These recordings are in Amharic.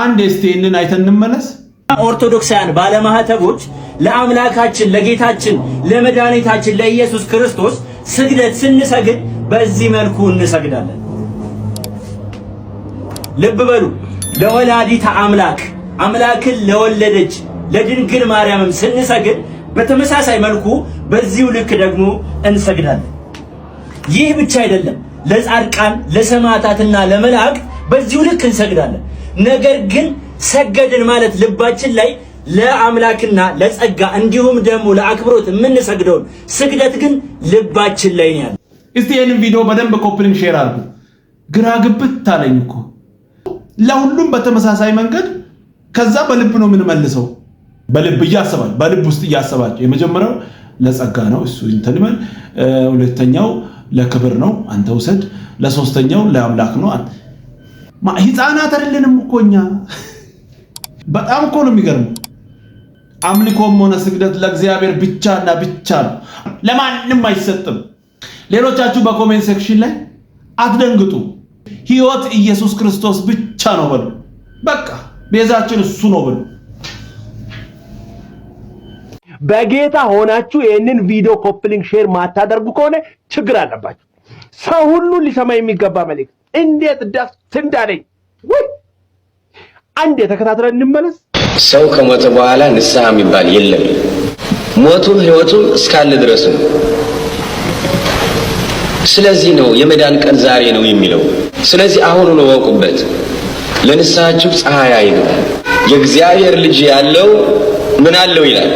አንድ ስቴንን አይተን እንመለስ። ኦርቶዶክሳውያን ባለማህተቦች ለአምላካችን ለጌታችን ለመድኃኒታችን ለኢየሱስ ክርስቶስ ስግደት ስንሰግድ በዚህ መልኩ እንሰግዳለን። ልብ በሉ። ለወላዲተ አምላክ አምላክን ለወለደች ለድንግል ማርያምም ስንሰግድ በተመሳሳይ መልኩ በዚሁ ልክ ደግሞ እንሰግዳለን። ይህ ብቻ አይደለም፣ ለጻድቃን ለሰማዕታትና ለመላእክት በዚሁ ልክ እንሰግዳለን። ነገር ግን ሰገድን ማለት ልባችን ላይ ለአምላክና ለጸጋ እንዲሁም ደግሞ ለአክብሮት የምንሰግደውን ስግደት ግን ልባችን ላይ ያለ። እስቲ ይህንን ቪዲዮ በደንብ ኮፕሊንግ ሼር አድርጉ። ግራ ግብት አለኝ እኮ ለሁሉም በተመሳሳይ መንገድ። ከዛ በልብ ነው የምንመልሰው። በልብ እያሰባል በልብ ውስጥ እያሰባቸው የመጀመሪያው ለጸጋ ነው እሱ እንትን ሁለተኛው ለክብር ነው አንተ ውሰድ። ለሶስተኛው ለአምላክ ነው ህፃናት አይደለንም እኮ እኛ። በጣም እኮ ነው የሚገርመው። አምልኮም ሆነ ስግደት ለእግዚአብሔር ብቻና ብቻ ነው፣ ለማንም አይሰጥም። ሌሎቻችሁ በኮሜንት ሴክሽን ላይ አትደንግጡ። ህይወት ኢየሱስ ክርስቶስ ብቻ ነው በሉ። በቃ ቤዛችን እሱ ነው በሉ። በጌታ ሆናችሁ ይህንን ቪዲዮ ኮፕሊንግ ሼር ማታደርጉ ከሆነ ችግር አለባችሁ። ሰው ሁሉ ሊሰማ የሚገባ መልእክት እንዴት ዳፍ ትንዳለኝ ወይ? አንዴ ተከታትለን እንመለስ። ሰው ከሞተ በኋላ ንስሐ የሚባል የለም። ሞቱም ህይወቱም እስካለ ድረስ ነው። ስለዚህ ነው የመዳን ቀን ዛሬ ነው የሚለው። ስለዚህ አሁኑ ነው ወቁበት። ለንስሐችሁ ፀሐይ አይግባል። የእግዚአብሔር ልጅ ያለው ምን አለው ይላል፣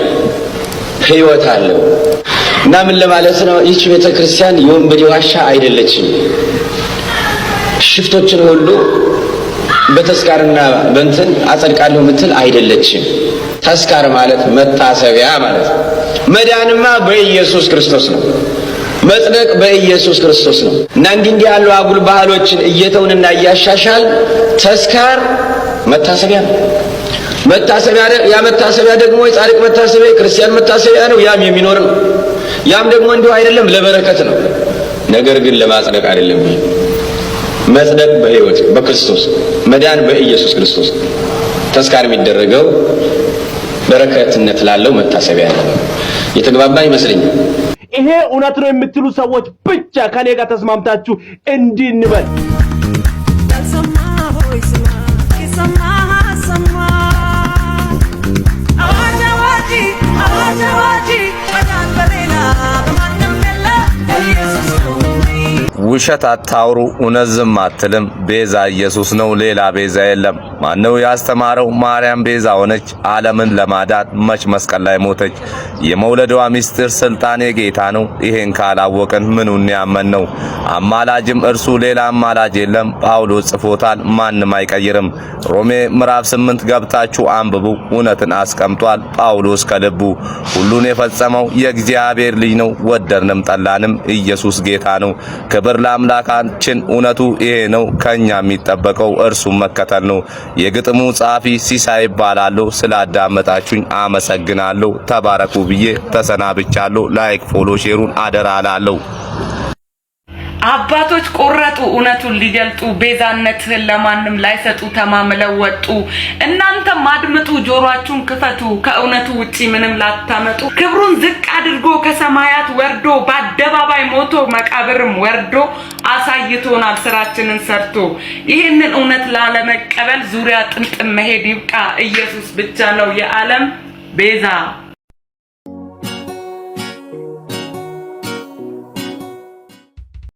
ህይወት አለው እና ምን ለማለት ነው? ይህች ቤተ ክርስቲያን የወንበዴ ዋሻ አይደለችም። ሽፍቶችን ሁሉ በተስካርና በእንትን አጸድቃለሁ ምትል አይደለችም። ተስካር ማለት መታሰቢያ ማለት ነው። መዳንማ በኢየሱስ ክርስቶስ ነው። መጽደቅ በኢየሱስ ክርስቶስ ነው እና እንዲህ እንዲህ ያሉ አጉል ባህሎችን እየተውንና እያሻሻል ተስካር መታሰቢያ ነው። መታሰቢያ ያ መታሰቢያ ደግሞ የጻድቅ መታሰቢያ የክርስቲያን መታሰቢያ ነው። ያም የሚኖር ነው። ያም ደግሞ እንዲሁ አይደለም፣ ለበረከት ነው። ነገር ግን ለማጽደቅ አይደለም። መጽደቅ በሕይወት በክርስቶስ መዳን በኢየሱስ ክርስቶስ ተስካር የሚደረገው በረከትነት ላለው መታሰቢያ ነው። የተግባባ ይመስለኛል። ይሄ እውነት ነው የምትሉ ሰዎች ብቻ ከኔ ጋር ተስማምታችሁ እንዲህ እንበል። ውሸት አታውሩ፣ እውነት ዝም አትልም። ቤዛ ኢየሱስ ነው፣ ሌላ ቤዛ የለም። ማነው ያስተማረው? ማርያም ቤዛ ሆነች ዓለምን ለማዳት። መች መስቀል ላይ ሞተች። የመውለዷ ምስጢር ስልጣን የጌታ ነው። ይሄን ካላወቅን ምኑን ያመን ነው? አማላጅም እርሱ ሌላ አማላጅ የለም። ጳውሎስ ጽፎታል፣ ማንም አይቀይርም። ሮሜ ምዕራፍ ስምንት ገብታችሁ አንብቡ። እውነትን አስቀምጧል ጳውሎስ ከልቡ ሁሉን የፈጸመው የእግዚአብሔር ልጅ ነው። ወደድንም ጠላንም ኢየሱስ ጌታ ነው። ክብር ለአምላካችን እውነቱ ይሄ ነው። ከኛ የሚጠበቀው እርሱን መከተል ነው። የግጥሙ ጸሐፊ ሲሳይ ይባላለሁ። ስላዳመጣችሁኝ አመሰግናለሁ። ተባረኩ ብዬ ተሰናብቻለሁ። ላይክ፣ ፎሎ፣ ሼሩን አደራ አላለሁ። አባቶች ቆረጡ እውነቱን ሊገልጡ ቤዛነትህን ለማንም ላይሰጡ ተማምለው ወጡ። እናንተም አድምጡ፣ ጆሮአችሁን ክፈቱ፣ ከእውነቱ ውጪ ምንም ላታመጡ። ክብሩን ዝቅ አድርጎ ከሰማያት ወርዶ በአደባባይ ሞቶ መቃብርም ወርዶ አሳይቶናል ስራችንን ሰርቶ። ይህንን እውነት ላለመቀበል ዙሪያ ጥምጥም መሄድ ይብቃ። ኢየሱስ ብቻ ነው የዓለም ቤዛ።